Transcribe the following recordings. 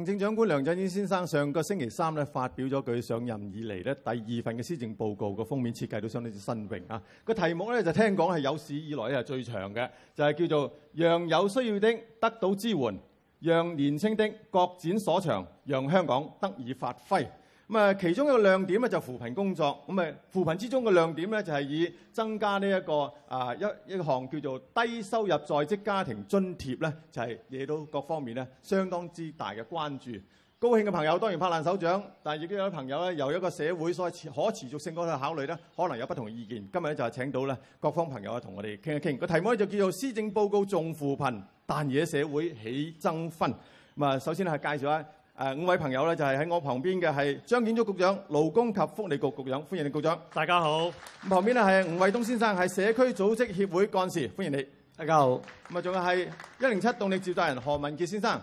行政長官梁振英先生上個星期三咧發表咗佢上任以嚟咧第二份嘅施政報告，個封面設計都相當之新穎啊！個題目咧就聽講係有史以來咧係最長嘅，就係叫做「讓有需要的得到支援，讓年輕的各展所長，讓香港得以發揮」。咁啊，其中一個亮點咧就扶貧工作，咁啊，扶貧之中嘅亮點咧就係以增加呢、這個、一個啊一一個項叫做低收入在職家庭津貼咧，就係惹到各方面咧相當之大嘅關注。高興嘅朋友當然拍爛手掌，但係亦都有啲朋友咧，由一個社會所持可持續性角度考慮咧，可能有不同意見。今日咧就係請到咧各方朋友啊，同我哋傾一傾。個題目咧就叫做《施政報告重扶貧，但惹社會起紛爭》。咁啊，首先咧介紹下。誒五位朋友咧，就係喺我旁邊嘅係張建宗局長，勞工及福利局局長，歡迎你局長。大家好。旁邊咧係吳衞東先生，係社區組織協會幹事，歡迎你。大家好。咁啊，仲有係一零七動力召集人何民傑先生，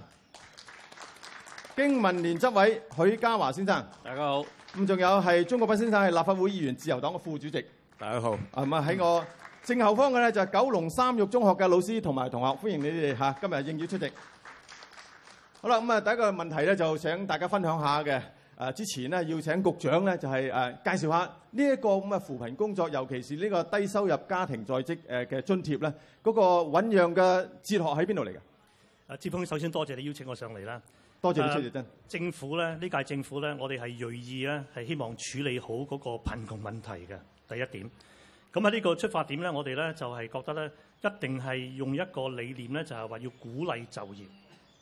經文連執委許嘉華先生。大家好。咁仲有係鍾國斌先生，係立法會議員、自由黨嘅副主席。大家好。啊，咁啊喺我正後方嘅咧就係九龍三育中學嘅老師同埋同學，歡迎你哋嚇，今日應邀出席。好啦，咁啊，第一個問題咧，就請大家分享下嘅。誒，之前咧要請局長咧，就係誒介紹下呢一個咁嘅扶貧工作，尤其是呢個低收入家庭在職誒嘅津貼咧，嗰個醞釀嘅哲學喺邊度嚟嘅？誒，志峰，首先多謝你邀請我上嚟啦，多謝你，出席，啊。謝謝。政府咧，呢屆政府咧，我哋係銳意咧，係希望處理好嗰個貧窮問題嘅。第一點，咁喺呢個出發點咧，我哋咧就係覺得咧，一定係用一個理念咧，就係話要鼓勵就業。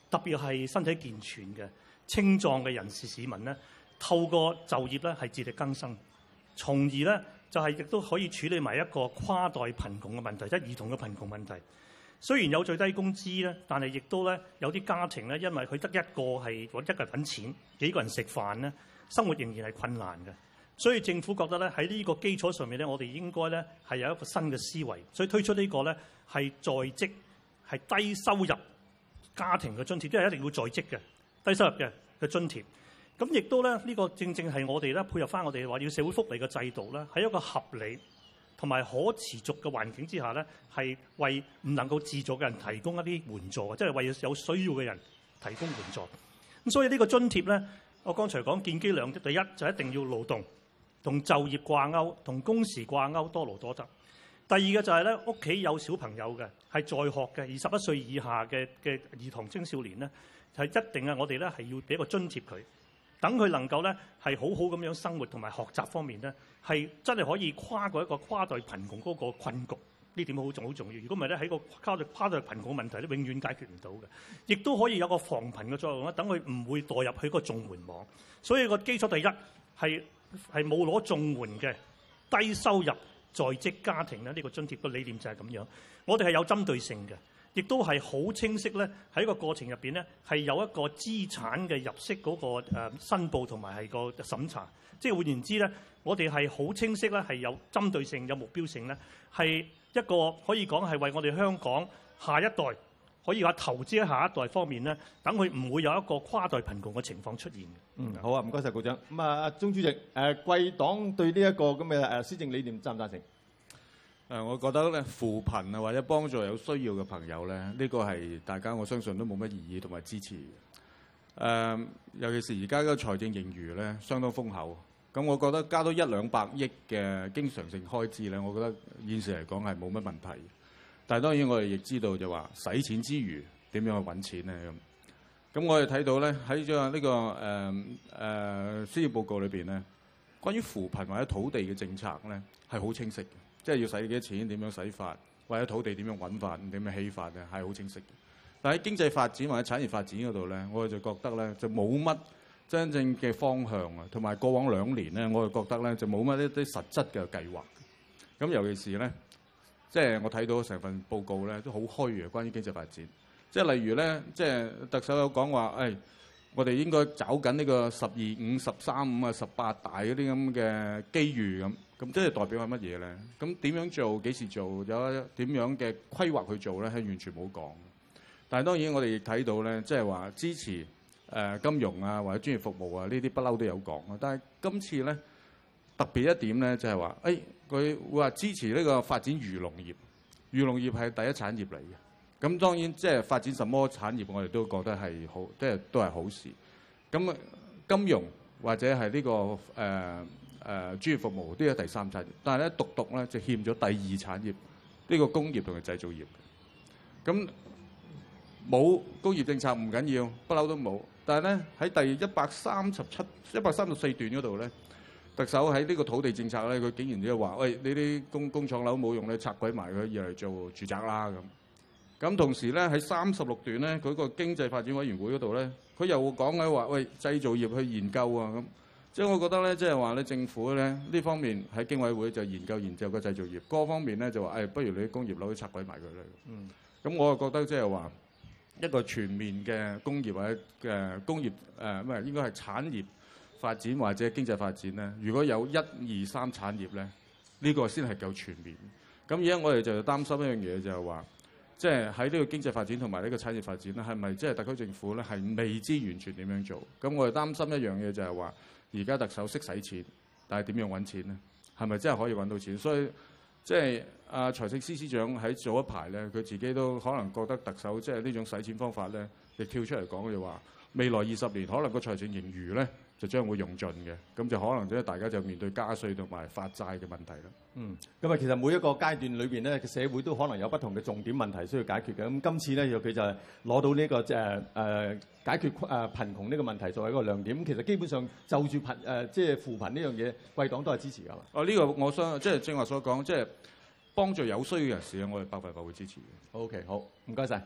特別係身體健全嘅青壯嘅人士市民咧，透過就業咧係自力更生，從而咧就係亦都可以處理埋一個跨代貧窮嘅問題，即係兒童嘅貧窮問題。雖然有最低工資咧，但係亦都咧有啲家庭咧，因為佢得一個係揾一個人揾錢，幾個人食飯咧，生活仍然係困難嘅。所以政府覺得咧，喺呢個基礎上面咧，我哋應該咧係有一個新嘅思維，所以推出呢個咧係在職係低收入。家庭嘅津貼都係一定要在職嘅低收入嘅嘅津貼，咁亦都咧呢、這個正正係我哋咧配合翻我哋話要社會福利嘅制度咧，喺一個合理同埋可持續嘅環境之下咧，係為唔能夠自助嘅人提供一啲援助即係、就是、為有需要嘅人提供援助。咁所以呢個津貼咧，我剛才講建基兩，第一就一定要勞動同就業掛鈎，同工時掛鈎，多勞多得。第二嘅就係、是、咧，屋企有小朋友嘅，係在學嘅，二十一歲以下嘅嘅兒童青少年咧，係一定啊！我哋咧係要俾個津貼佢，等佢能夠咧係好好咁樣生活同埋學習方面咧，係真係可以跨過一個跨代貧窮嗰個困局。呢點好重要，好重要。如果唔係咧，喺個跨代跨代貧窮問題咧，永遠解決唔到嘅。亦都可以有個防貧嘅作用啦，等佢唔會墮入去嗰個綜援網。所以個基礎第一係係冇攞綜援嘅低收入。在職家庭咧，呢、這個津貼個理念就係咁樣。我哋係有針對性嘅，亦都係好清晰咧。喺個過程入邊咧，係有一個資產嘅入息嗰個申報同埋係個審查。即係換言之咧，我哋係好清晰咧，係有針對性、有目標性咧，係一個可以講係為我哋香港下一代。可以話投資喺下一代方面咧，等佢唔會有一個跨代貧窮嘅情況出現。嗯，好啊，唔該晒，局長。咁啊，中主席，誒、呃、貴黨對呢、這、一個咁嘅誒施政理念贊唔贊成？誒、呃，我覺得咧，扶貧啊，或者幫助有需要嘅朋友咧，呢、這個係大家我相信都冇乜異議同埋支持嘅、呃。尤其是而家個財政盈餘咧，相當豐厚。咁我覺得加多一兩百億嘅經常性開支咧，我覺得現時嚟講係冇乜問題。但係當然，我哋亦知道就話使錢之餘，點樣去揾錢咧咁。咁我哋睇到咧喺咗呢個誒誒施政報告裏邊咧，關於扶貧或者土地嘅政策咧係好清晰嘅，即係要使幾多錢，點樣使法，或者土地點樣揾法，點樣起法嘅係好清晰嘅。但喺經濟發展或者產業發展嗰度咧，我哋就覺得咧就冇乜真正嘅方向啊，同埋過往兩年咧，我哋覺得咧就冇乜一啲實質嘅計劃。咁尤其是咧。即係我睇到成份報告咧，都好虛嘅。關於經濟發展，即係例如咧，即係特首有講話，誒、哎，我哋應該找緊呢個十二五、十三五啊、十八大嗰啲咁嘅機遇咁，咁即係代表係乜嘢咧？咁點樣做？幾時做？有點樣嘅規劃去做咧？係完全冇講。但係當然我哋亦睇到咧，即係話支持誒、呃、金融啊，或者專業服務啊呢啲不嬲都有講啊。但係今次咧。特別一點咧，就係話，誒，佢會話支持呢個發展漁農業，漁農業係第一產業嚟嘅。咁當然即係發展什麼產業，我哋都覺得係好，即係都係好事。咁金融或者係呢個誒誒、呃呃、專業服務，都有第三產業。但係咧，獨獨咧就欠咗第二產業，呢個工業同埋製造業。咁冇工業政策唔緊要，不嬲都冇。但係咧，喺第一百三十七、一百三十四段嗰度咧。特首喺呢個土地政策咧，佢竟然即係話：，喂，呢啲工工廠樓冇用咧，你拆鬼埋佢，而嚟做住宅啦咁。咁同時咧，喺三十六段咧，佢個經濟發展委員會嗰度咧，佢又講緊話：，喂，製造業去研究啊咁。即係我覺得咧，即係話咧，政府咧呢方面喺經委會就研究研究個製造業，嗰方面咧就話：，誒、哎，不如你啲工業樓拆鬼埋佢啦。嗯。咁我啊覺得即係話一個全面嘅工業或者嘅工業誒，唔、呃、係應該係產業。發展或者經濟發展咧，如果有一二三產業咧，呢個先係夠全面。咁而家我哋就擔心一樣嘢，就係話，即係喺呢個經濟發展同埋呢個產業發展咧，係咪即係特區政府咧係未知完全點樣做？咁我哋擔心一樣嘢就係話，而家特首識使錢，但係點樣揾錢咧？係咪真係可以揾到錢？所以即係阿財政司司長喺做一排咧，佢自己都可能覺得特首即係呢種使錢方法咧，亦跳出嚟講佢就話未來二十年可能個財政盈餘咧，就將會用盡嘅，咁就可能咧，大家就面對加稅同埋發債嘅問題啦。嗯，咁啊，其實每一個階段裏邊咧，社會都可能有不同嘅重點問題需要解決嘅。咁今次咧，若佢就係攞到呢個即係誒解決誒貧窮呢個問題作為一個亮點。其實基本上就住貧誒即係扶貧呢樣嘢，貴黨都係支持㗎喇。哦、啊，呢個我想即係正話所講，即係幫助有需要人士，我哋百分百會支持嘅。OK，好，唔該晒，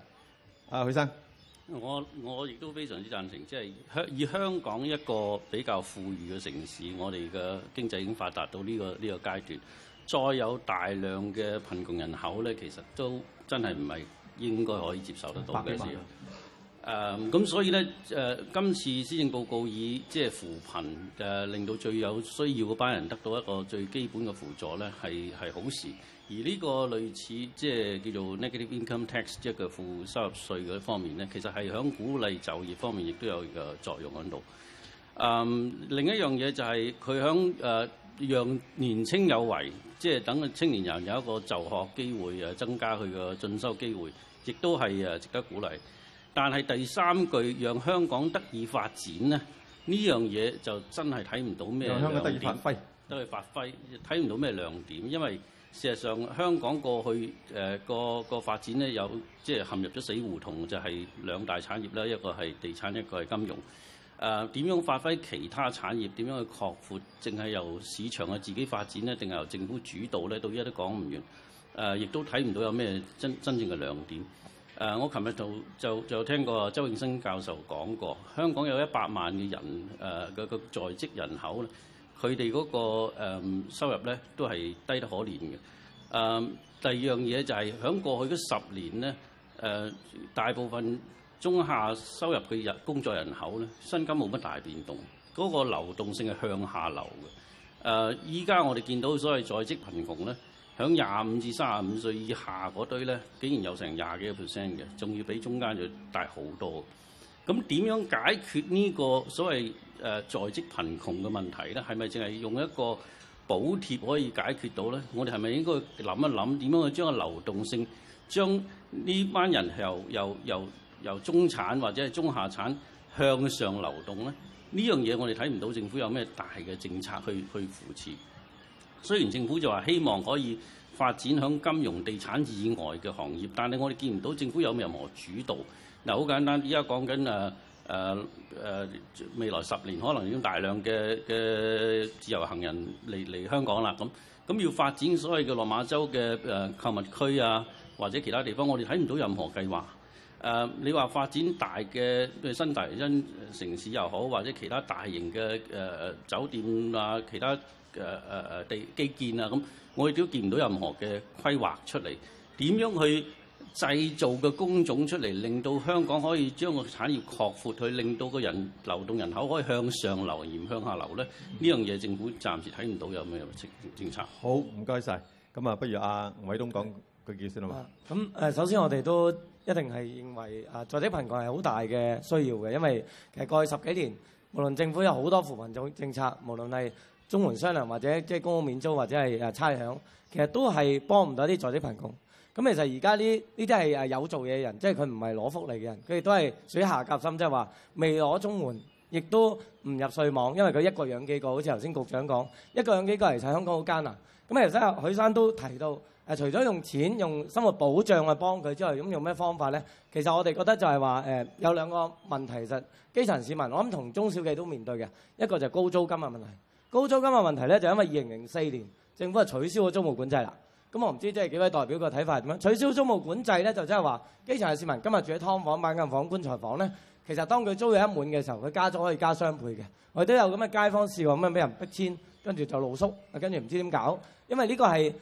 啊許生。我我亦都非常之贊成，即係香以香港一個比較富裕嘅城市，我哋嘅經濟已經發達到呢、呢個呢、呢個階段，再有大量嘅貧窮人口咧，其實都真係唔係應該可以接受得到嘅事。誒，咁、嗯、所以咧誒、呃，今次施政報告以即係扶貧誒、呃，令到最有需要嗰班人得到一個最基本嘅輔助咧，係係好事。而呢個類似即係叫做 negative income tax，即係佢負收入稅嗰方面咧，其實係響鼓勵就業方面亦都有個作用喺度。嗯，另一樣嘢就係佢響誒讓年青有為，即係等個青年人有一個就學機會啊，增加佢個進修機會，亦都係誒值得鼓勵。但係第三句讓香港得以發展咧，呢樣嘢就真係睇唔到咩亮點，香港得以發揮睇唔到咩亮點，因為。事實上，香港過去誒、呃、個個發展咧，有即係陷入咗死胡同，就係、是、兩大產業啦，一個係地產，一個係金融。誒、呃、點樣發揮其他產業？點樣去擴闊？淨係由市場嘅自己發展咧，定係由政府主導咧？到依家都講唔完。誒、呃，亦都睇唔到有咩真真正嘅亮點。誒、呃，我琴日就就就聽過周永生教授講過，香港有一百萬嘅人誒，嗰、呃、個在職人口。佢哋嗰個、嗯、收入咧，都係低得可憐嘅。誒、嗯、第二樣嘢就係、是、喺過去嗰十年咧，誒、呃、大部分中下收入嘅人工作人口咧，薪金冇乜大變動，嗰、那個流動性係向下流嘅。誒依家我哋見到所謂在職貧窮咧，喺廿五至三十五歲以下嗰堆咧，竟然有成廿幾個 percent 嘅，仲要比中間就大好多。嗯、咁點樣解決呢個所謂誒、呃、在職貧窮嘅問題呢？係咪淨係用一個補貼可以解決到呢？我哋係咪應該諗一諗點樣去將個流動性，將呢班人由由由由中產或者係中下產向上流動呢？呢樣嘢我哋睇唔到政府有咩大嘅政策去去扶持。雖然政府就話希望可以發展響金融、地產以外嘅行業，但係我哋見唔到政府有任何主導。嗱，好、啊、簡單，依家講緊誒誒誒未來十年可能已經大量嘅嘅自由行人嚟嚟香港啦，咁咁要發展所謂嘅落馬洲嘅誒購物區啊，或者其他地方，我哋睇唔到任何計劃。誒、啊，你話發展大嘅新大因城市又好，或者其他大型嘅誒、啊、酒店啊，其他誒誒誒地基建啊，咁我哋都見唔到任何嘅規劃出嚟，點樣去？製造嘅工種出嚟，令到香港可以將個產業擴闊，去令到個人流動人口可以向上流而唔向下流咧。呢樣嘢政府暫時睇唔到有咩政政策。好，唔該晒，咁啊，不如吳衞東講句嘢先啦嘛。咁誒、啊，首先我哋都一定係認為誒在職貧窮係好大嘅需要嘅，因為其實過去十幾年，無論政府有好多扶貧種政策，無論係綜援雙糧或者即係公屋免租或者係誒差餉，其實都係幫唔到啲在職貧窮。咁其實而家呢呢啲係誒有做嘢人，即係佢唔係攞福利嘅人，佢亦都係水下夾心，即係話未攞綜援，亦都唔入稅網，因為佢一個養幾個，好似頭先局長講，一個養幾個其實香港好艱難。咁其實頭先許生都提到誒，除咗用錢用生活保障去幫佢之外，咁用咩方法咧？其實我哋覺得就係話誒，有兩個問題，其實基層市民我諗同中小企都面對嘅，一個就係高租金嘅問題。高租金嘅問題咧，就因為二零零四年政府啊取消咗租務管制啦。咁、嗯、我唔知道即係幾位代表個睇法係點樣？取消租務管制呢，就即係話基層嘅市民今日住喺劏房、板間房、棺材房呢，其實當佢租約一滿嘅時候，佢加租可以加雙倍嘅。我哋都有咁嘅街坊試過，咁樣俾人逼遷，跟住就露宿，跟住唔知點搞。因為呢個係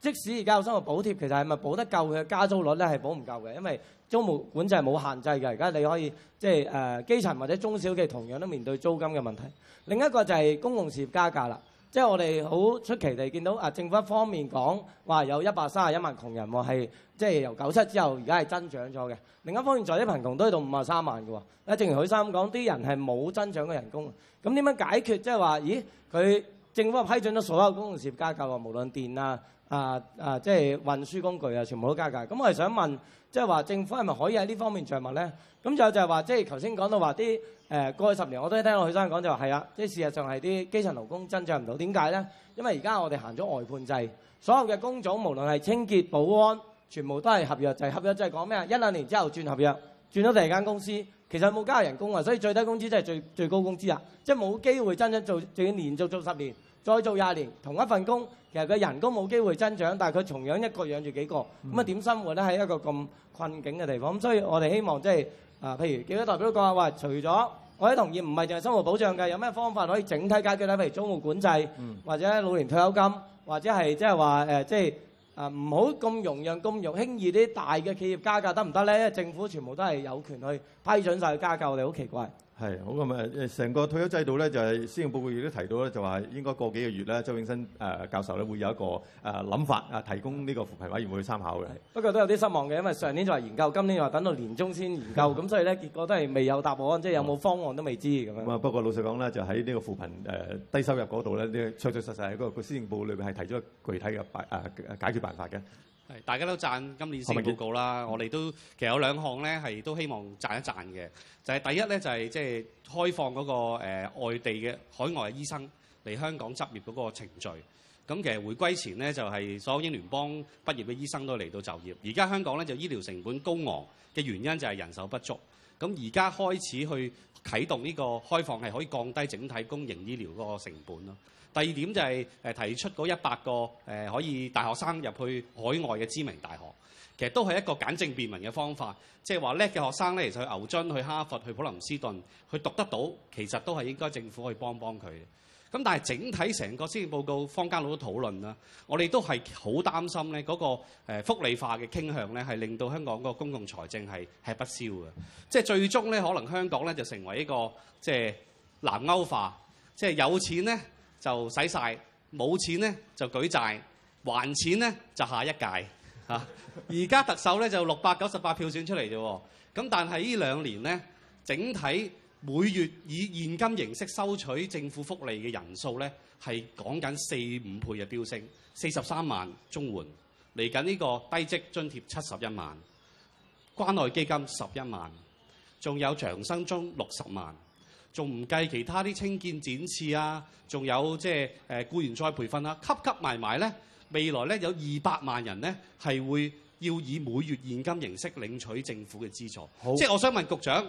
即使而家有生活補貼，其實係咪補得夠佢嘅加租率呢？係補唔夠嘅。因為租務管制冇限制嘅，而家你可以即係、呃、基層或者中小企同樣都面對租金嘅問題。另一個就係公共事業加價啦。即係我哋好出奇地見到啊，政府一方面講話有一百三十一萬窮人喎，係即係由九七之後而家係增長咗嘅。另一方面，在啲貧窮都去到五十三萬嘅喎。正如許生咁講，啲人係冇增長嘅人工。咁點樣解決？即係話，咦，佢政府批准咗所有公共事業加價喎，無論電啊。啊啊！即、啊、係、就是、運輸工具啊，全部都加價。咁我係想問，即係話政府係咪可以喺呢方面著墨咧？咁就是就係話，即係頭先講到話啲誒過去十年，我都聽到許生講就話、是、係啊。即、就、係、是、事實上係啲基層勞工增長唔到，點解咧？因為而家我哋行咗外判制，所有嘅工種無論係清潔、保安，全部都係合約制，就合約就係講咩啊？一兩年之後轉合約，轉咗第二間公司，其實冇加人工啊，所以最低工資即係最最高工資啊，即係冇機會真正做，仲要連續做十年，再做廿年同一份工。其實佢人工冇機會增長，但佢同樣一個養住幾個，咁啊點生活咧？係一個咁困境嘅地方，咁所以我哋希望即係啊，譬如幾位代表都講話，除咗我哋同意唔係淨係生活保障嘅，有咩方法可以整體解決咧？譬如租戶管制，嗯、或者老年退休金，或者係即係話誒，即係啊唔好咁容讓咁 容輕易啲大嘅企業加價得唔得咧？因為政府全部都係有權去批准曬加價，我哋好奇怪。係好咁誒，成個退休制度咧，就係施政報告亦都提到咧，就話應該過幾個月咧，周永新誒、呃、教授咧會有一個誒諗、呃、法啊，提供呢個扶貧委員會參考嘅。不過都有啲失望嘅，因為上年就話研究，今年又話等到年中先研究，咁是的 所以咧結果都係未有答案，是的 即係有冇方案都未知咁、哦、樣。啊，不過老實講咧，就喺呢個扶貧誒、呃、低收入嗰度咧，呢個確確實實喺個個施政報裏邊係提咗具體嘅辦誒誒解決辦法嘅。大家都讚今年施政報告啦。我哋都其實有兩項咧，係都希望讚一讚嘅。就係、第一咧，就係即係開放嗰、嗰個、呃、外地嘅海外醫生嚟香港執業嗰個程序。咁其實回歸前咧，就係、係、所有英聯邦畢業嘅醫生都嚟到就業。而家香港咧就醫療成本高昂嘅原因就係人手不足。咁而家開始去啟動呢個開放，係可以降低整體公營醫療嗰個成本咯。第二點就係誒提出嗰一百個誒可以大學生入去海外嘅知名大學，其實都係一個簡政便民嘅方法，即係話叻嘅學生咧，其實去牛津、去哈佛、去普林斯頓，去讀得到，其實都係應該政府去幫幫佢。咁但係整體成個施政報告坊間好多討論啦，我哋都係好擔心咧嗰個誒福利化嘅傾向咧，係令到香港個公共財政係吃不消嘅，即係最終咧可能香港咧就成為一個即係南歐化，即係有錢咧。就使晒，冇錢咧就舉債，還錢咧就下一屆嚇。而、啊、家特首咧就六百九十八票選出嚟啫喎。咁、啊、但係呢兩年咧，整體每月以現金形式收取政府福利嘅人數咧，係講緊四五倍嘅飆升，四十三萬綜援，嚟緊呢個低職津貼七十一萬，關愛基金十一萬，仲有長生中六十萬。仲唔計其他啲清建展翅啊，仲有即係誒雇員再培訓啊，吸吸埋埋咧，未來咧有二百萬人咧係會要以每月現金形式領取政府嘅資助。好即係我想問局長，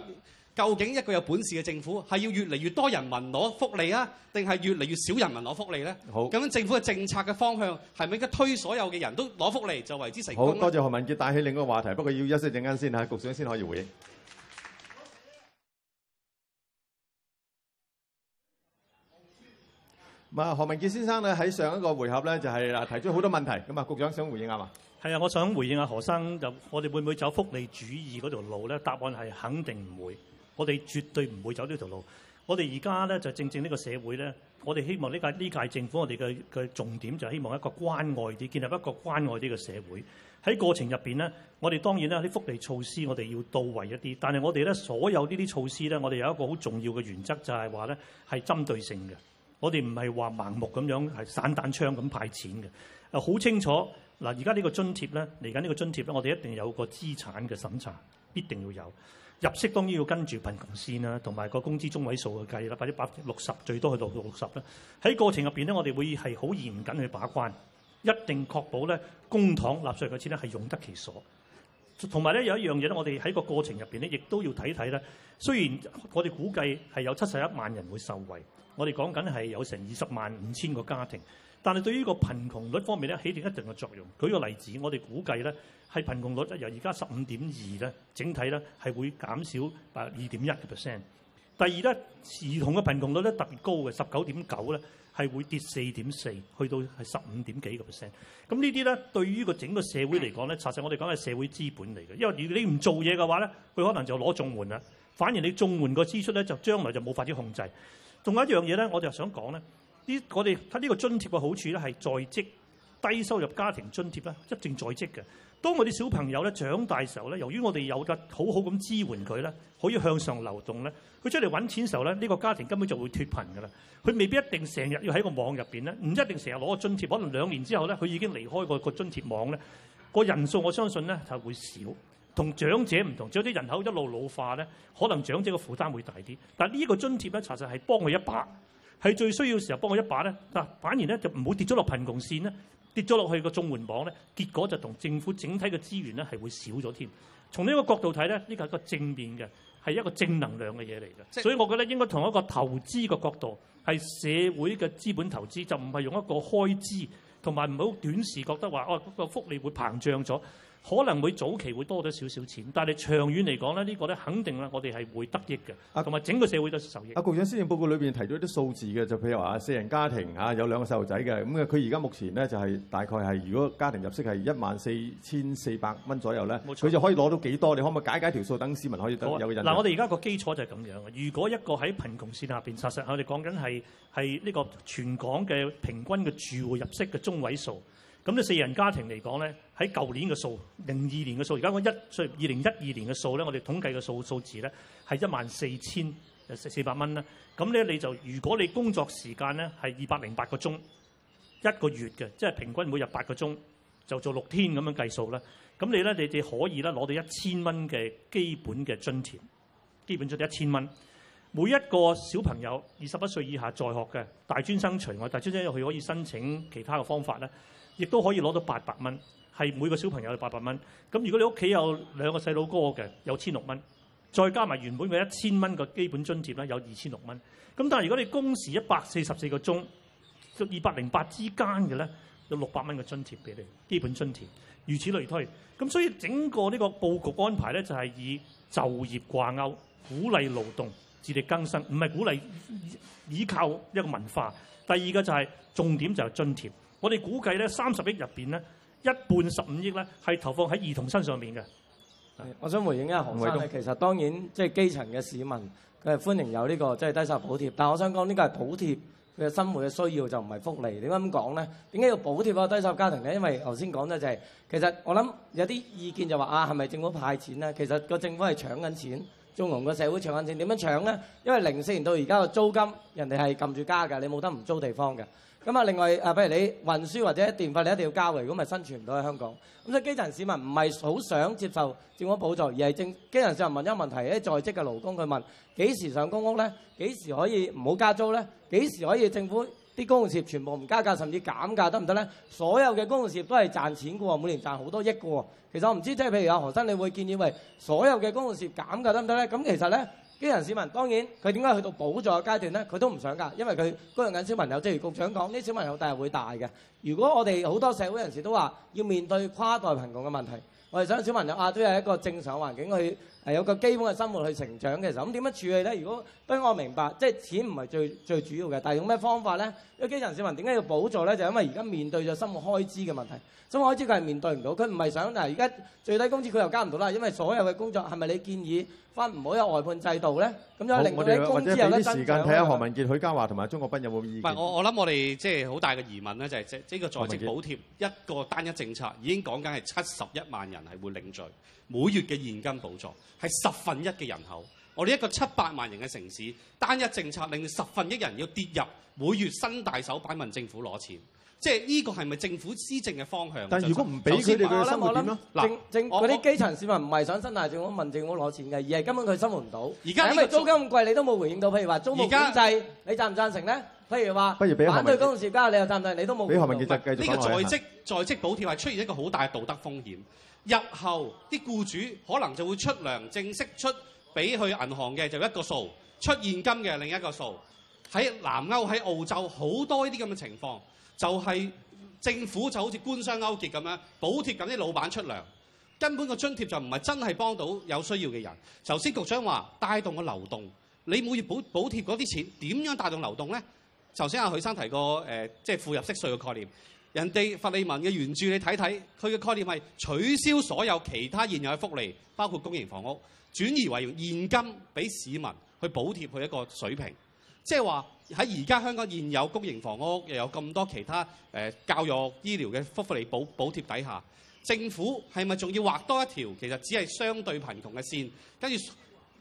究竟一個有本事嘅政府係要越嚟越多人民攞福利啊，定係越嚟越少人民攞福利咧？好，咁樣，政府嘅政策嘅方向係咪應該推所有嘅人都攞福利就為之成功咧？好，多謝何民傑帶起另一個話題，不過要休息陣間先嚇，局長先可以回應。嘛，何民傑先生咧喺上一個回合咧就係、是、嗱提出好多問題咁啊，局長想回應啊嘛？係啊，我想回應啊何生就我哋會唔會走福利主義嗰條路咧？答案係肯定唔會，我哋絕對唔會走呢條路。我哋而家咧就正正呢個社會咧，我哋希望呢屆呢屆政府，我哋嘅嘅重點就係希望一個關愛啲，建立一個關愛啲嘅社會。喺過程入邊咧，我哋當然咧啲福利措施我哋要到位一啲，但係我哋咧所有呢啲措施咧，我哋有一個好重要嘅原則就係話咧係針對性嘅。我哋唔係話盲目咁樣係散彈槍咁派錢嘅，啊好清楚嗱。而家呢個津貼咧，嚟緊呢個津貼咧，我哋一定有個資產嘅審查，必定要有入息，當然要跟住貧窮線啦，啊、同埋個工資中位數嘅計啦，百分之六十最多去到六十啦。喺過程入邊咧，我哋會係好嚴謹去把關，一定確保咧公帑納稅嘅錢咧係用得其所。同埋咧有一樣嘢咧，我哋喺個過程入邊咧，亦都要睇睇咧。雖然我哋估計係有七十一萬人會受惠。我哋講緊咧係有成二十萬五千個家庭，但係對於個貧窮率方面咧起定一定嘅作用。舉個例子，我哋估計咧係貧窮率由而家十五點二咧，整體咧係會減少啊二點一嘅 percent。第二咧，兒童嘅貧窮率咧特別高嘅十九點九咧係會跌四點四，去到係十五點幾個 percent。咁呢啲咧對於個整個社會嚟講咧，查實我哋講係社會資本嚟嘅，因為如果你唔做嘢嘅話咧，佢可能就攞綜援啦。反而你綜援個支出咧就將來就冇法子控制。仲有一樣嘢咧，我就想講咧，呢我哋睇呢個津貼嘅好處咧，係在職低收入家庭津貼啦，一定在職嘅。當我哋小朋友咧長大嘅時候咧，由於我哋有得好好咁支援佢咧，可以向上流動咧，佢出嚟揾錢嘅時候咧，呢個家庭根本就會脫貧㗎啦。佢未必一定成日要喺個網入面咧，唔一定成日攞個津貼，可能兩年之後咧，佢已經離開個個津貼網咧，個人數我相信咧就會少。同長者唔同，仲有啲人口一路老化咧，可能長者嘅負擔會大啲。但係呢個津貼咧，查實係幫我一把，係最需要時候幫我一把咧。嗱，反而咧就唔好跌咗落貧窮線咧，跌咗落去個綜援網咧，結果就同政府整體嘅資源咧係會少咗添。從呢個角度睇咧，呢、呢個係一個正面嘅，係一個正能量嘅嘢嚟嘅。即所以我覺得應該同一個投資嘅角度，係社會嘅資本投資，就唔係用一個開支，同埋唔好短時覺得話哦、哎嗰個福利會膨脹咗。可能會早期會多咗少少錢，但係長遠嚟講咧，呢、這個咧肯定咧，我哋係會得益嘅。啊，同埋整個社會都受益。啊，局長，施政報告裏邊提咗一啲數字嘅，就譬如話四人家庭嚇、啊、有兩個細路仔嘅，咁嘅佢而家目前咧就係、是、大概係如果家庭入息係一萬四千四百蚊左右咧，佢錯就可以攞到幾多？你可唔可以解解條數，等市民可以得好有人。嗱、啊，我哋而家個基礎就係咁樣。如果一個喺貧窮線下邊，其實我哋講緊係係呢個全港嘅平均嘅住戶入息嘅中位數，咁呢四人家庭嚟講咧。喺舊年嘅數，零二年嘅數，而家我一最二零一二年嘅數咧，我哋統計嘅數數字咧係一萬四千四百蚊啦。咁咧你，你就如果你工作時間咧係二百零八個鐘一個月嘅，即係平均每日八個鐘，就做六天咁樣計數啦。咁你咧你哋可以咧攞到一千蚊嘅基本嘅津貼，基本津貼一千蚊。每一個小朋友二十一歲以下在學嘅大專生除外，大專生佢可以申請其他嘅方法咧，亦都可以攞到八百蚊，係每個小朋友係八百蚊。咁如果你屋企有兩個細佬哥嘅，有千六蚊，再加埋原本嘅一千蚊嘅基本津貼咧，有二千六蚊。咁但係如果你工時一百四十四個鐘二百零八之間嘅咧，有六百蚊嘅津貼俾你，基本津貼。如此類推，咁所以整個呢個佈局安排咧，就係以就業掛鈎，鼓勵勞，勞動。自力更生，唔係鼓勵依靠一個文化。第二個就係重點就係津貼。我哋估計咧，三十億入邊咧，一半十五億咧，係投放喺兒童身上面嘅。我想回應一下何生咧，其實當然即係基層嘅市民，佢係歡迎有呢個即係低收入補貼。但係我想講呢個係補貼佢嘅生活嘅需要，就唔係福利。點解咁講咧？點解要補貼啊低收入家庭咧？因為頭先講咧就係其實我諗有啲意見就話啊，係咪政府派錢咧？其實個政府係搶緊錢。縱窮個社會搶緊錢，點樣搶呢？因為零四年到而家嘅租金，人哋係撳住加㗎，你冇得唔租地方㗎。咁啊，另外啊，譬如你運輸或者電費，你一定要交㗎，如果咪生存唔到喺香港。咁所以基層市民唔係好想接受政府補助，而係政基層市民問一個問題，啲在職嘅勞工佢問幾時上公屋呢？幾時可以唔好加租呢？幾時可以政府？啲公共事業全部唔加價，甚至減價得唔得咧？所有嘅公共事業都係賺錢嘅喎，每年賺好多億嘅喎。其實我唔知即係譬如阿何生，你會建議為所有嘅公共事業減價得唔得咧？咁其實咧，基層市民當然佢點解去到補助嘅階段咧，佢都唔想㗎，因為佢供緊小朋友，即係如局長講啲小朋友大會大嘅。如果我哋好多社會人士都話要面對跨代貧窮嘅問題，我哋想小朋友啊，都有一個正常環境去。有個基本嘅生活去成長嘅時候，咁點樣處理咧？如果，我明白，即係錢唔係最最主要嘅，但係用咩方法咧？個為什麼要呢就是、因為基層市民點解要補助咧？就因為而家面對咗生活開支嘅問題，生活開支佢係面對唔到，佢唔係想。但係而家最低工資佢又加唔到啦，因為所有嘅工作係咪你建議翻唔好有外判制度咧？咁有好令到工資有得增？或者撥啲時間睇下何民傑、許家華同埋中國賓有冇意見？唔係我我諗，我哋即係好大嘅疑問咧，就係即係呢個在職補貼一個單一政策已經講緊係七十一萬人係會領取。每月嘅現金補助係十分一嘅人口，我哋一個七百萬人嘅城市，單一政策令十分一人要跌入每月新大手擺問政府攞錢，即係呢個係咪政府施政嘅方向？但係如果唔俾佢哋嘅生活點呢？嗱，嗰啲基層市民唔係想新大政府、問政府攞錢嘅，而係根本佢生活唔到。而家、這個、因為租金咁貴，你都冇回應到。譬如話租金管制，在你贊唔贊成呢？如不如話，反對公眾潮，家你又贊唔贊？你都冇。俾何民傑繼續講。呢個在職在職補貼係出現一個好大嘅道德風險。日後啲僱主可能就會出糧，正式出俾去銀行嘅就一個數，出現金嘅另一個數。喺南歐、喺澳洲好多呢啲咁嘅情況，就係、是、政府就好似官商勾結咁樣補貼緊啲老闆出糧，根本個津貼就唔係真係幫到有需要嘅人。首先局長話帶動個流動，你冇要補補貼嗰啲錢，點樣帶動流動咧？頭先阿許生提過誒，即係負入息稅嘅概念。人哋佛利民嘅原著你睇睇，佢嘅概念係取消所有其他現有嘅福利，包括公營房屋，轉移為用現金俾市民去補貼佢一個水平。即係話喺而家香港現有公營房屋又有咁多其他誒、呃、教育醫療嘅福利補補貼底下，政府係咪仲要畫多一條其實只係相對貧窮嘅線，跟住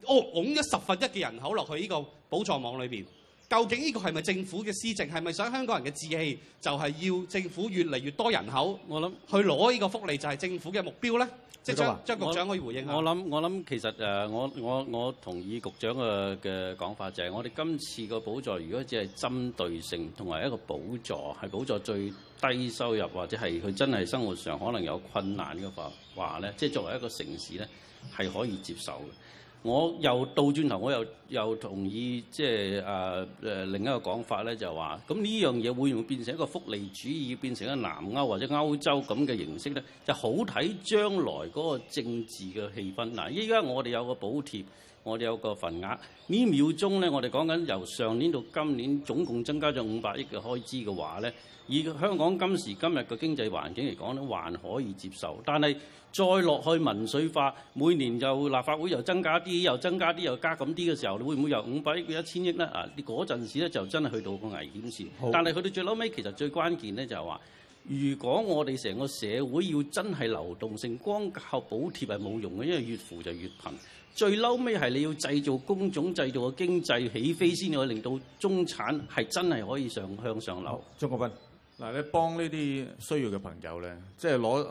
哦拱咗十分一嘅人口落去呢個補助網裏邊？究竟呢個係咪政府嘅施政？係咪想香港人嘅志氣，就係要政府越嚟越多人口？我諗去攞呢個福利就係政府嘅目標咧。想即張張局長可以回應下。我諗，我諗其實，誒，我我我同意局長嘅嘅講法，就係我哋今次個補助如果只係針對性同埋一個補助，係補助最低收入或者係佢真係生活上可能有困難嘅話，話咧，即係作為一個城市咧，係可以接受嘅。我又倒轉頭，我又又同意，即係誒誒另一個講法咧，就話，咁呢樣嘢會唔會變成一個福利主義，變成一個南歐或者歐洲咁嘅形式咧？就好睇將來嗰個政治嘅氣氛。嗱、呃，依家我哋有個補貼，我哋有個份額。呢秒鐘咧，我哋講緊由上年到今年總共增加咗五百億嘅開支嘅話咧，以香港今時今日嘅經濟環境嚟講咧，還可以接受，但係，再落去民粹化，每年就立法會又增加啲，又增加啲，又加咁啲嘅時候，你會唔會由五百億變一千億咧？啊，你嗰陣時咧就真係去到個危險線。好但係去到最嬲尾，其實最關鍵咧就係話，如果我哋成個社會要真係流動性，光靠補貼係冇用嘅，因為越扶就越貧。最嬲尾係你要製造工種，製造嘅經濟起飛先可以令到中產係真係可以上向上流。張國斌，嗱你幫呢啲需要嘅朋友咧，即係攞。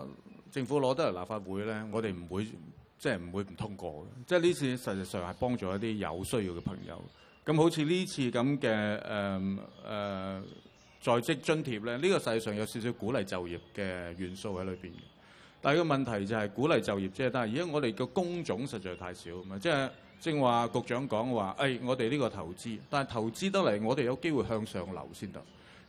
政府攞得嚟立法會咧，我哋唔會即係唔會唔通過嘅。即係呢次實際上係幫助一啲有需要嘅朋友。咁好似呢次咁嘅誒誒在職津貼咧，呢個世界上有少少鼓勵就業嘅元素喺裏邊嘅。但係個問題就係鼓勵就業啫，但係而家我哋個工種實在太少咁啊！即係正話局長講話，誒我哋呢個投資，但係投資得嚟我哋有機會向上流先得。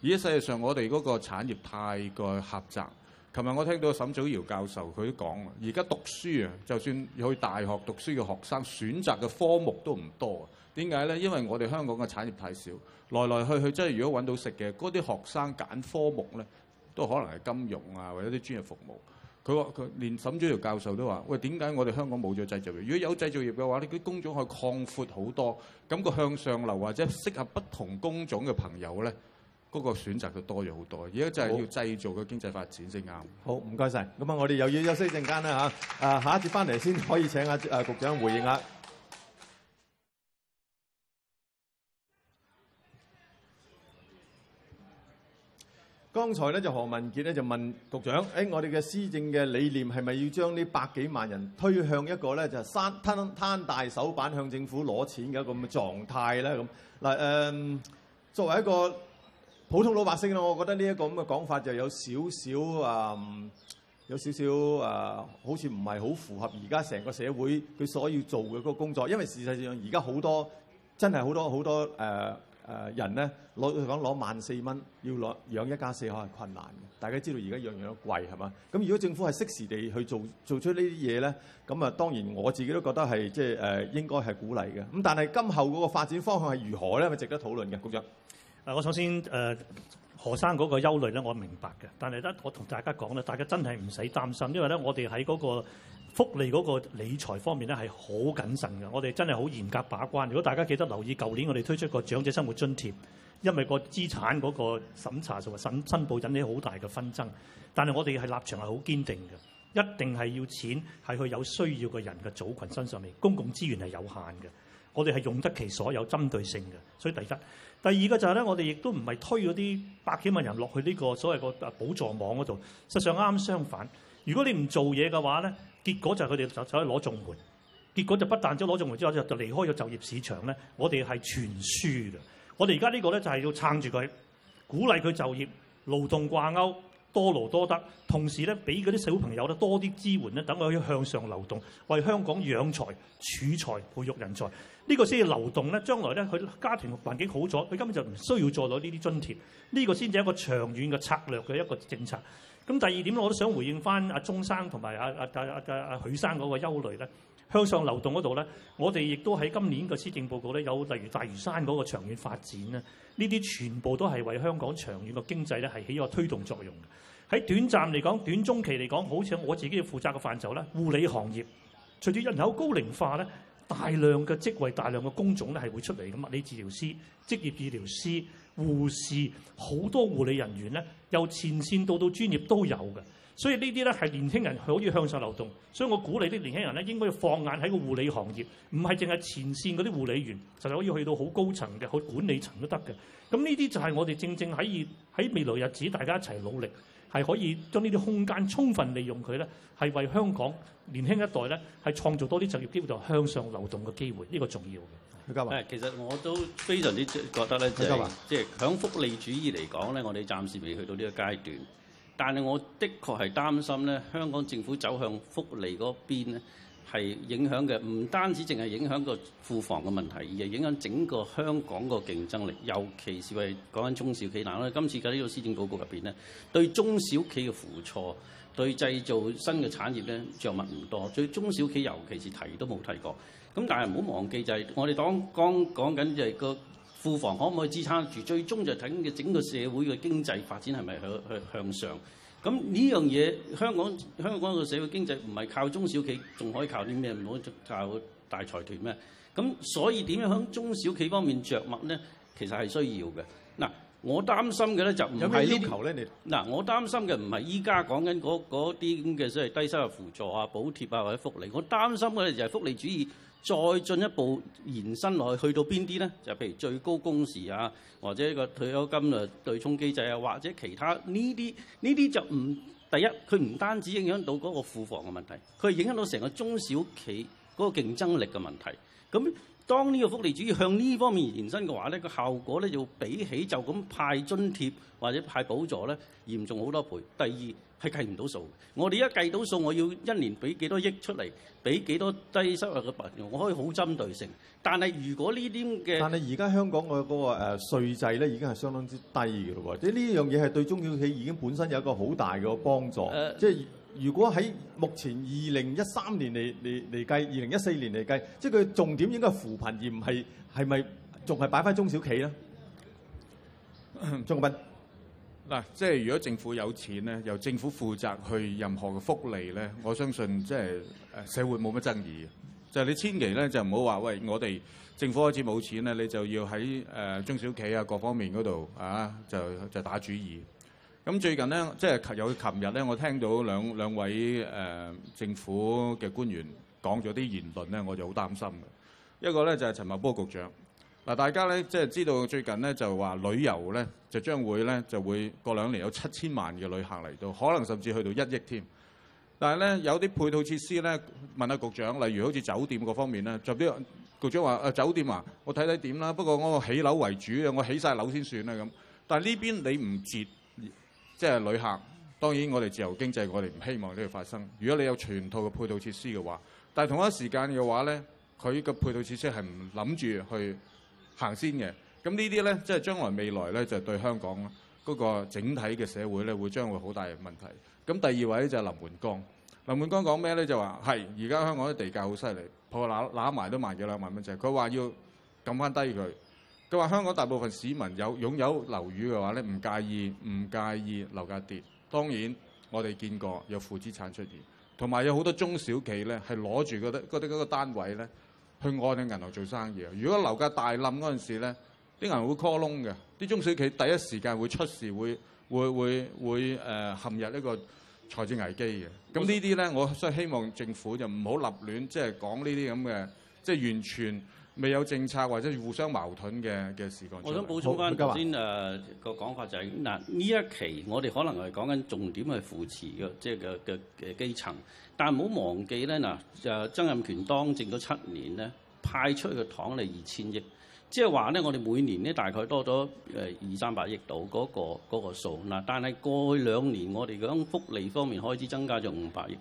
而家世界上我哋嗰個產業太過狹窄。琴日我聽到沈祖堯教授佢都講，而家讀書啊，就算去大學讀書嘅學生，選擇嘅科目都唔多。點解咧？因為我哋香港嘅產業太少，來來去去即係如果揾到食嘅，嗰啲學生揀科目咧，都可能係金融啊，或者啲專業服務。佢話佢連沈祖堯教授都話：喂，點解我哋香港冇咗製造業？如果有製造業嘅話，呢啲工種可以擴闊好多。咁個向上流或者適合不同工種嘅朋友咧。嗰個選擇就多咗好多，而家就係要製造個經濟發展先啱。好，唔該晒。咁啊，我哋又要休息陣間啦嚇。啊，下一節翻嚟先可以請啊啊局長回應啦。剛才咧就何民傑咧就問局長：誒、欸，我哋嘅施政嘅理念係咪要將呢百幾萬人推向一個咧就係攤攤攤大手板向政府攞錢嘅一個咁嘅狀態咧？咁嗱誒，作為一個。普通老百姓咯，我覺得呢一個咁嘅講法就有少少啊，有少少啊，好似唔係好符合而家成個社會佢所要做嘅嗰個工作，因為事實上而家好多真係好多好多誒誒、呃呃、人咧攞嚟講攞萬四蚊要攞養一家四口係困難嘅，大家知道而家樣樣都貴係嘛？咁如果政府係適時地去做做出這些呢啲嘢咧，咁啊當然我自己都覺得係即係誒應該係鼓勵嘅。咁但係今後嗰個發展方向係如何咧，咪值得討論嘅，局長。我首先誒、呃、何生嗰個憂慮咧，我明白嘅。但係咧，我同大家講咧，大家真係唔使擔心，因為咧，我哋喺嗰個福利嗰個理財方面咧，係好謹慎嘅。我哋真係好嚴格把關。如果大家記得留意，舊年我哋推出個長者生活津貼，因為個資產嗰個審查同埋審申報引起好大嘅紛爭。但係我哋係立場係好堅定嘅，一定係要錢係去有需要嘅人嘅組群身上面。公共資源係有限嘅。我哋係用得其所有針對性嘅，所以第一、第二個就係咧，我哋亦都唔係推嗰啲百幾萬人落去呢個所謂個誒補助網嗰度。事實啱啱相反，如果你唔做嘢嘅話咧，結果就係佢哋就就去攞綜援，結果就不但止攞綜援之後，就離開咗就業市場咧。我哋係全輸嘅。我哋而家呢個咧就係要撐住佢，鼓勵佢就業、勞動掛鈎。多勞多得，同時咧，俾嗰啲小朋友咧多啲支援咧，等佢可以向上流動，為香港養才儲才培育人才，呢個先係流動咧，將來咧佢家庭環境好咗，佢根本就唔需要再攞呢啲津貼，呢個先至係一個長遠嘅策略嘅一個政策。咁第二點呢，我都想回應翻阿中生同埋阿阿阿阿許生嗰個憂慮咧。向上流動嗰度咧，我哋亦都喺今年嘅施政報告咧，有例如大嶼山嗰個長遠發展咧，呢啲全部都係為香港長遠嘅經濟咧係起一個推動作用嘅。喺短暫嚟講、短中期嚟講，好似我自己要負責嘅範疇咧，護理行業隨住人口高齡化咧，大量嘅職位、大量嘅工種咧係會出嚟嘅，物理治療師、職業治療師、護士，好多護理人員咧，由前線到到專業都有嘅。所以呢啲咧係年輕人可以向上流動，所以我鼓勵啲年輕人咧應該要放眼喺個護理行業，唔係淨係前線嗰啲護理員，就係可以去到好高層嘅，去管理層都得嘅。咁呢啲就係我哋正正可以喺未來日子大家一齊努力，係可以將呢啲空間充分利用佢咧，係為香港年輕一代咧係創造多啲就業機會就向上流動嘅機會呢個重要嘅。許家華，其實我都非常之覺得咧、就係，就係即係響福利主義嚟講咧，我哋暫時未去到呢個階段。但係我的確係擔心咧，香港政府走向福利嗰邊咧，係影響嘅，唔單止淨係影響個庫房嘅問題，而係影響整個香港個競爭力。尤其是係講緊中小企嗱，我哋今次嘅呢個施政報告入邊咧，對中小企嘅扶持，對製造新嘅產業咧，着墨唔多。對中小企尤其是提都冇提過。咁但係唔好忘記就係我哋啱啱講緊就係個。庫房可唔可以支撐住？最終就睇嘅整個社會嘅經濟發展係咪向向向上？咁呢樣嘢香港香港個社會經濟唔係靠中小企，仲可以靠啲咩？唔好靠大財團咩？咁所以點樣響中小企方面着墨咧？其實係需要嘅。嗱，我擔心嘅咧就唔係要求咧你。嗱，我擔心嘅唔係依家講緊嗰啲咁嘅所謂低收入輔助啊、補貼啊或者福利。我擔心嘅咧就係福利主義。再進一步延伸落去，去到邊啲咧？就譬如最高工時啊，或者個退休金啊對沖機制啊，或者其他呢啲呢啲就唔第一，佢唔單止影響到嗰個庫房嘅問題，佢係影響到成個中小企嗰個競爭力嘅問題。咁當呢個福利主義向呢方面延伸嘅話咧，個效果咧就比起就咁派津貼或者派補助咧嚴重好多倍。第二。係計唔到數嘅。我哋一計到數，我要一年俾幾多億出嚟，俾幾多低收入嘅白人，我可以好針對性。但係如果呢啲嘅，但係而家香港嘅嗰個誒稅制咧，已經係相當之低嘅咯喎。即係呢樣嘢係對中小企已經本身有一個好大嘅幫助。Uh, 即係如果喺目前二零一三年嚟嚟嚟計，二零一四年嚟計，即係佢重點應該係扶貧而唔係係咪仲係擺翻中小企咧？張建宗。 嗱，即係如果政府有錢咧，由政府負責去任何嘅福利咧，我相信即係誒社會冇乜爭議。就係你千祈咧就唔好話，喂，我哋政府開始冇錢咧，你就要喺誒中小企啊各方面嗰度啊，就就打主意。咁最近咧，即係有琴日咧，我聽到兩兩位誒政府嘅官員講咗啲言論咧，我就好擔心。一個咧就係陳茂波局長。嗱，大家咧即係知道最近咧就話旅遊咧就將會咧就會過兩年有七千萬嘅旅客嚟到，可能甚至去到一億添。但係咧有啲配套設施咧，問下局長，例如好似酒店嗰方面咧，就啲局長話誒、啊、酒店啊，我睇睇點啦。不過我起樓為主啊，我起晒樓先算啦咁。但係呢邊你唔接，即係旅客，當然我哋自由經濟，我哋唔希望呢個發生。如果你有全套嘅配套設施嘅話，但係同一時間嘅話咧，佢個配套設施係唔諗住去。行先嘅，咁呢啲咧，即係將來未來咧，就對香港嗰個整體嘅社會咧，會將會好大嘅問題。咁第二位咧就係林冠江。林冠江講咩咧？就話係而家香港嘅地價好犀利，破攬埋都賣咗兩萬蚊啫。佢話要撳翻低佢，佢話香港大部分市民有擁有樓宇嘅話咧，唔介意，唔介意樓價跌。當然我哋見過有負資產出現，同埋有好多中小企咧係攞住嗰啲嗰啲嗰個單位咧。去按嘅銀行做生意啊！如果樓價大冧嗰陣時咧，啲銀行會 collapse 嘅，啲中小企第一時間會出事，會會會會誒、呃、陷入呢個財政危機嘅。咁呢啲咧，我所以希望政府就唔好立亂，即係講呢啲咁嘅，即係完全。未有政策或者互相矛盾嘅嘅事況。我想補充翻頭先誒個講法，就係嗱，呢一期我哋可能係講緊重點去扶持嘅，即係嘅嘅嘅基層，但唔好忘記咧，嗱誒曾蔭權當政咗七年咧，派出去嘅糖嚟二千億，即係話咧，我哋每年咧大概多咗誒二三百億度嗰個嗰個數嗱，但係過去兩年我哋講福利方面開始增加咗五百億，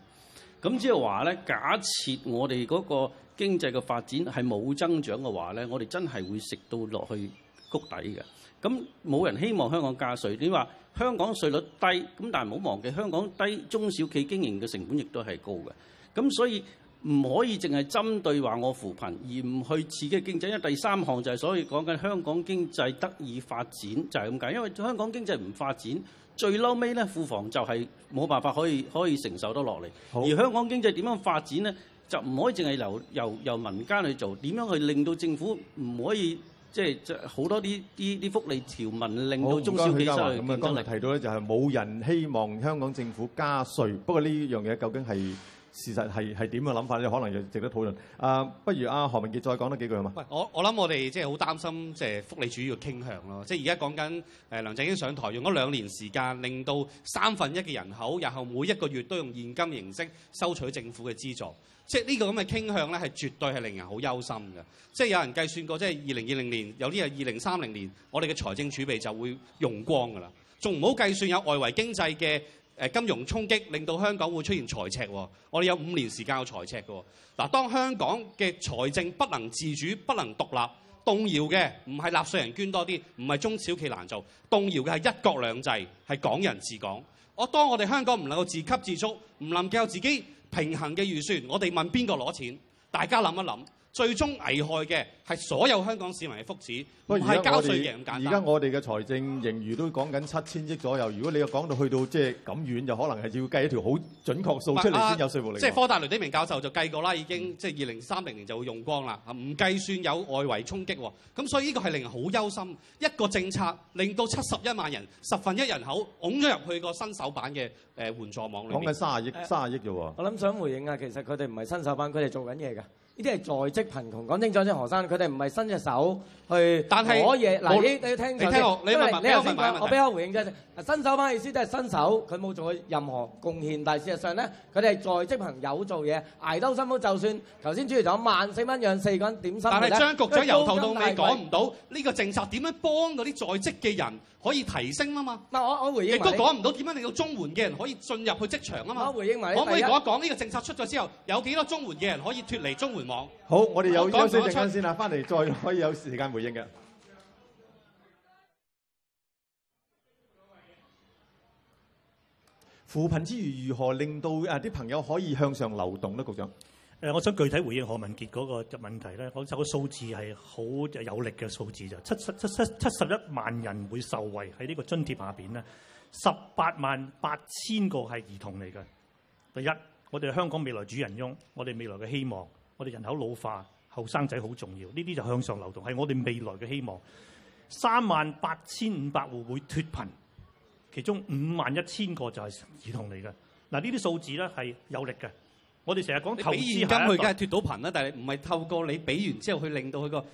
咁即係話咧，假設我哋嗰個經濟嘅發展係冇增長嘅話咧，我哋真係會食到落去谷底嘅。咁冇人希望香港加稅。你話香港稅率低，咁但係唔好忘記香港低中小企經營嘅成本亦都係高嘅。咁所以唔可以淨係針對話我扶貧而唔去刺激經濟。因為第三項就係所謂講緊香港經濟得以發展就係咁解。因為香港經濟唔發展，最嬲尾咧庫房就係冇辦法可以可以承受得落嚟。好而香港經濟點樣發展咧？就唔可以淨係由由由民間去做，點樣去令到政府唔可以即係係好多啲啲啲福利條文令到中小企業咁啊？剛才提到咧就係冇人希望香港政府加稅，不過呢樣嘢究竟係。事實係係點嘅諗法咧？可能又值得討論。Uh, 不如啊，不如阿何民傑再講多幾句啊嘛。唔係，我想我諗我哋即係好擔心，即係福利主義嘅傾向咯。即係而家講緊誒梁振英上台用咗兩年時間，令到三分一嘅人口，然後每一個月都用現金形式收取政府嘅資助。即係呢個咁嘅傾向咧，係絕對係令人好憂心嘅。即係有人計算過，即係二零二零年有啲係二零三零年，我哋嘅財政儲備就會用光㗎啦。仲唔好計算有外圍經濟嘅。誒金融衝擊令到香港會出現財赤喎，我哋有五年時間有財赤喎。嗱，當香港嘅財政不能自主、不能獨立，動搖嘅唔係納稅人捐多啲，唔係中小企難做，動搖嘅係一國兩制，係港人治港。我當我哋香港唔能夠自給自足，唔能夠自己平衡嘅預算，我哋問邊個攞錢？大家諗一諗。最終危害嘅係所有香港市民嘅福祉，唔係交稅嘅唔簡單。而家我哋嘅財政盈餘都講緊七千億左右。如果你又講到去到即係咁遠，就可能係要計一條好準確數出嚟先有說服力。即係、啊就是、科大雷鼎鳴教授就計過啦，已經即係二零三零年就會用光啦，唔計算有外圍衝擊。咁所以呢個係令人好憂心。一個政策令到七十一萬人十分一人口擁咗入去個新手版嘅誒、呃、援助網裏，講緊卅億卅億啫喎。哎、我諗想，想回應啊，其實佢哋唔係新手版，佢哋做緊嘢㗎。呢啲係在職貧窮，講清楚先，何生佢哋唔係伸隻手去攞嘢。嗱，你你要聽頭先，因為你有問題，我俾我回應先。伸手翻嘅意思即係伸手，佢冇做任何貢獻，但事實上咧，佢哋在職貧有做嘢，捱得好辛苦。就算頭先主席講萬四蚊養四個人點心，但係張局長由頭到尾講唔到呢個政策點樣幫嗰啲在職嘅人可以提升啊嘛？嗱，我我回應亦都講唔到點樣令到綜援嘅人可以進入去職場啊嘛？可唔可以講一講呢個政策出咗之後，有幾多綜援嘅人可以脱離綜援？網好，我哋有休息陣間先啦，翻嚟再可以有時間回應嘅。扶貧之餘，如何令到啊啲朋友可以向上流動咧？局長，誒、呃，我想具體回應何民傑嗰個問題咧。講真，個數字係好有力嘅數字就七七七七七十一萬人會受惠喺呢個津貼下邊咧，十八萬八千個係兒童嚟嘅。第一，我哋香港未來主人翁，我哋未來嘅希望。我哋人口老化，後生仔好重要。呢啲就向上流動，係我哋未來嘅希望。三萬八千五百戶會脫貧，其中五萬一千個就係兒童嚟嘅。嗱，呢啲數字咧係有力嘅。我哋成日講投資，你俾現金佢梗係脫到貧啦，但係唔係透過你俾完之後去令到佢個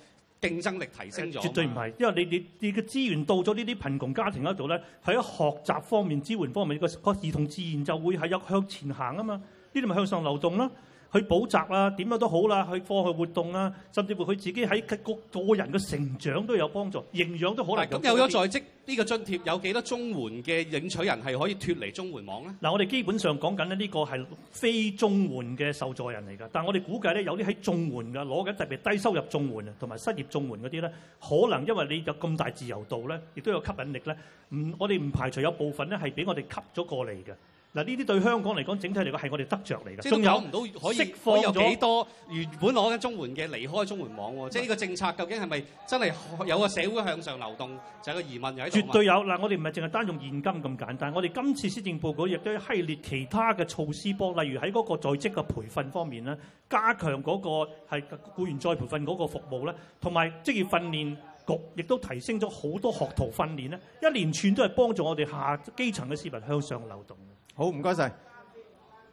競爭力提升咗？絕對唔係，因為你你你嘅資源到咗呢啲貧窮家庭嗰度咧，喺學習方面、支援方面，個個兒童自然就會係有向前行啊嘛。呢啲咪向上流動咯。去補習啦，點樣都好啦，去課外活動啦，甚至乎佢自己喺個個人嘅成長都有幫助，營養都好。嗱，咁有咗在職呢個津貼，有幾多綜援嘅領取人係可以脱離綜援網咧？嗱，我哋基本上講緊咧，呢個係非綜援嘅受助人嚟㗎。但係我哋估計咧，有啲喺綜援㗎，攞緊特別低收入綜援啊，同埋失業綜援嗰啲咧，可能因為你有咁大自由度咧，亦都有吸引力咧。唔，我哋唔排除有部分咧係俾我哋吸咗過嚟嘅。嗱，呢啲對香港嚟講，整體嚟講係我哋得着嚟嘅。仲有唔到可以釋放咗幾多原本攞緊綜援嘅離開綜援網喎？是即係呢個政策究竟係咪真係有個社會向上流動？就係、是、個疑問喺度。絕對有嗱，的我哋唔係淨係單用現金咁簡單。我哋今次施政報告亦都一系列其他嘅措施，波，例如喺嗰個在職嘅培訓方面咧，加強嗰個係僱員再培訓嗰個服務咧，同埋職業訓練局亦都提升咗好多學徒訓練咧，一連串都係幫助我哋下基層嘅市民向上流動。好唔該晒。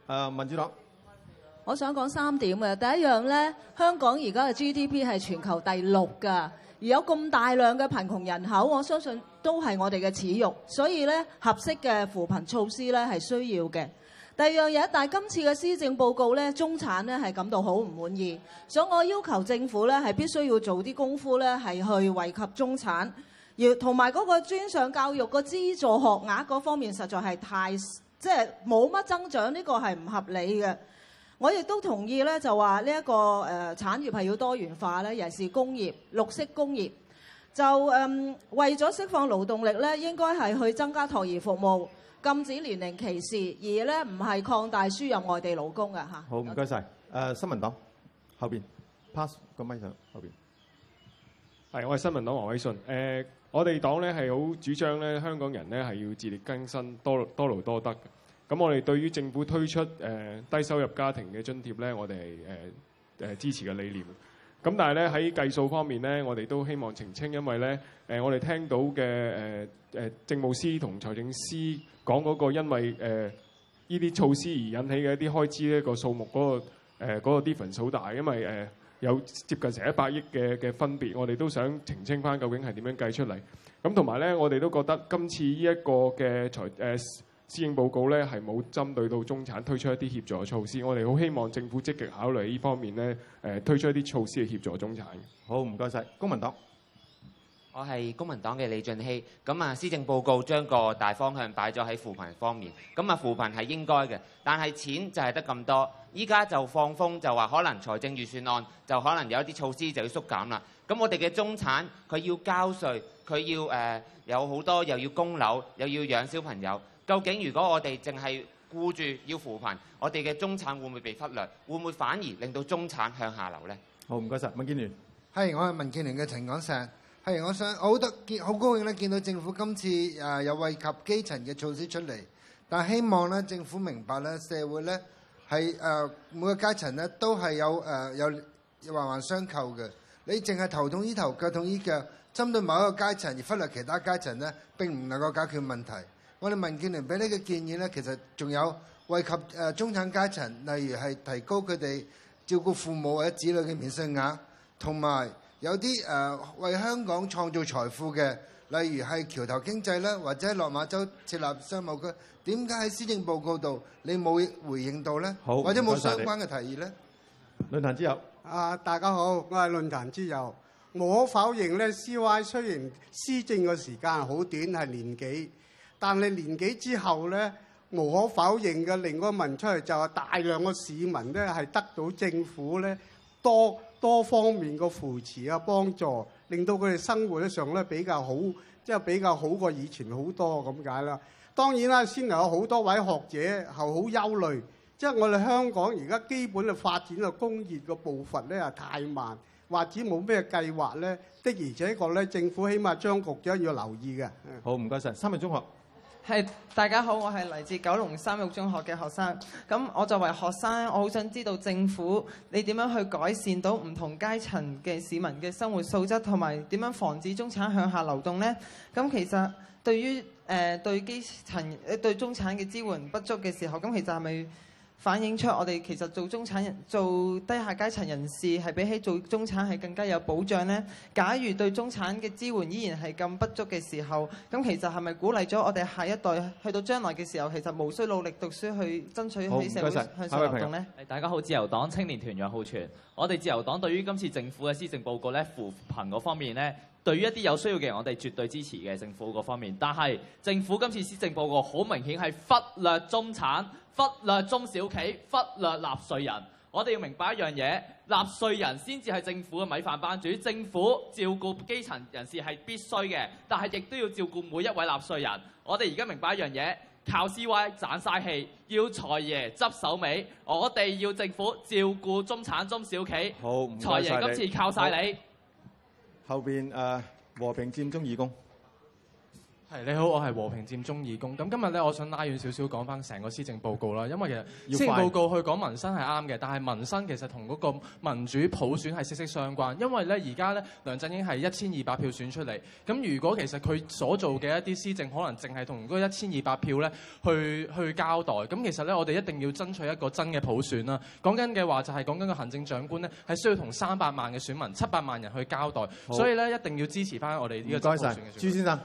誒，民主黨，我想講三點嘅。第一樣咧，香港而家嘅 GDP 係全球第六噶，而有咁大量嘅貧窮人口，我相信都係我哋嘅恥辱，所以咧合適嘅扶貧措施咧係需要嘅。第二樣嘢，但係今次嘅施政報告咧，中產咧係感到好唔滿意，所以我要求政府咧係必須要做啲功夫咧係去惠及中產，而同埋嗰個專上教育個資助學額嗰方面，實在係太。即係冇乜增長，呢、這個係唔合理嘅。我亦都同意咧，就話呢一個誒、呃、產業係要多元化咧，尤其是工業、綠色工業。就誒、呃、為咗釋放勞動力咧，應該係去增加托兒服務，禁止年齡歧視，而咧唔係擴大輸入外地勞工嘅吓，好，唔該晒。誒，uh, 新民黨後邊 pass 個咪上後邊。係，我係新民黨黃偉信誒。Uh, 我哋黨咧係好主張咧，香港人咧係要自力更生，多多勞多得嘅。咁我哋對於政府推出誒、呃、低收入家庭嘅津貼咧，我哋係誒誒支持嘅理念的。咁但係咧喺計數方面咧，我哋都希望澄清，因為咧誒、呃、我哋聽到嘅誒誒政務司同財政司講嗰個因為誒呢啲措施而引起嘅一啲開支咧個數目嗰、嗰個誒嗰、呃嗰個 difference 好大，因為誒。呃有接近成一百億嘅嘅分別，我哋都想澄清翻究竟係點樣計出嚟。咁同埋呢，我哋都覺得今次呢一個嘅財誒施、呃、政報告呢，係冇針對到中產推出一啲協助嘅措施。我哋好希望政府積極考慮呢方面呢，誒、呃、推出一啲措施去協助中產。好，唔該晒，公民黨。我係公民黨嘅李俊熙。咁啊，施政報告將個大方向擺咗喺扶貧方面。咁啊，扶貧係應該嘅，但係錢就係得咁多。依家就放風，就話可能財政預算案就可能有一啲措施就要縮減啦。咁我哋嘅中產，佢要交稅，佢要誒、呃、有好多又要供樓，又要養小朋友。究竟如果我哋淨係顧住要扶貧，我哋嘅中產會唔會被忽略？會唔會反而令到中產向下流呢？好，唔該晒，文建聯。係，我係文建聯嘅陳廣石。係，我想好得見，好高興咧，見到政府今次誒有惠及基層嘅措施出嚟。但希望咧，政府明白咧，社會咧。係誒、呃、每個階層咧，都係有誒、呃、有環環相扣嘅。你淨係頭痛醫頭腳，腳痛醫腳，針對某一個階層而忽略其他階層咧，並唔能夠解決問題。我哋民建聯俾呢個建議咧，其實仲有惠及誒中產階層，例如係提高佢哋照顧父母或者子女嘅免稅額，同埋有啲誒、呃、為香港創造財富嘅。例如係橋頭經濟啦，或者喺落馬洲設立商務區，點解喺施政報告度你冇回應到咧？好或者冇相關嘅提議咧？論壇之友，啊，大家好，我係論壇之友。無可否認咧，C Y 雖然施政嘅時間好短，係年幾，但係年幾之後咧，無可否認嘅，另外一個問出嚟就係大量嘅市民咧係得到政府咧多多方面嘅扶持啊，幫助。令到佢哋生活上咧比較好，即係比較好過以前好多咁解啦。當然啦，先有好多位學者係好憂慮，即係我哋香港而家基本嘅發展嘅工業嘅步伐咧係太慢，或者冇咩計劃咧。的而且確咧，政府起碼張局長要留意嘅。好，唔該晒，三日中學。係，大家好，我係嚟自九龍三育中學嘅學生。咁我作為學生，我好想知道政府你點樣去改善到唔同階層嘅市民嘅生活素質，同埋點樣防止中產向下流動呢？咁其實對於誒、呃、對基層誒對中產嘅支援不足嘅時候，咁其實係咪反映出我哋其實做中產人、做低下階層人士係比起做中產係更加有保障呢。假如對中產嘅支援依然係咁不足嘅時候，咁其實係咪鼓勵咗我哋下一代去到將來嘅時候，其實無需努力讀書去爭取喺社會向上流動呢？大家好，自由黨青年團楊浩全，我哋自由黨對於今次政府嘅施政報告呢，扶貧嗰方面呢，對於一啲有需要嘅人，我哋絕對支持嘅政府嗰方面。但係政府今次施政報告好明顯係忽略中產。忽略中小企，忽略納稅人，我哋要明白一樣嘢，納稅人先至係政府嘅米飯班主。政府照顧基層人士係必須嘅，但係亦都要照顧每一位納稅人。我哋而家明白一樣嘢，靠 C Y 賺晒氣，要財爺執手尾。我哋要政府照顧中產中小企。好，財爺今次靠晒你。後邊誒、啊、和平佔中義工。係，你好，我係和平佔中義工。咁今日咧，我想拉遠少少講翻成個施政報告啦，因為其實施政報告去講民生係啱嘅，但係民生其實同嗰個民主普選係息息相關。因為咧，而家咧梁振英係一千二百票選出嚟，咁如果其實佢所做嘅一啲施政可能淨係同嗰一千二百票咧去去交代，咁其實咧我哋一定要爭取一個真嘅普選啦。講緊嘅話就係講緊個行政長官咧係需要同三百萬嘅選民、七百萬人去交代，好所以咧一定要支持翻我哋呢個真普選嘅選舉。謝謝，朱先生。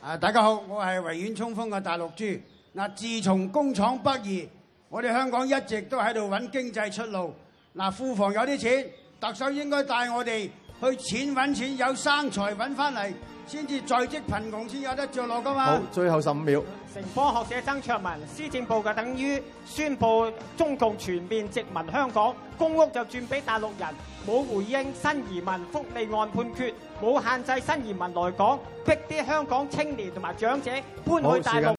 啊，大家好，我係維園衝鋒嘅大陸豬。嗱，自從工廠北移，我哋香港一直都喺度揾經濟出路。嗱，庫房有啲錢，特首應該帶我哋去錢揾錢，有生財揾翻嚟，先至在職貧窮先有得着落噶嘛？好，最後十五秒。城邦學者曾卓文，施政報告就等於宣布中共全面殖民香港，公屋就轉俾大陸人，冇回應新移民福利案判決，冇限制新移民來港，逼啲香港青年同埋長者搬去大陸。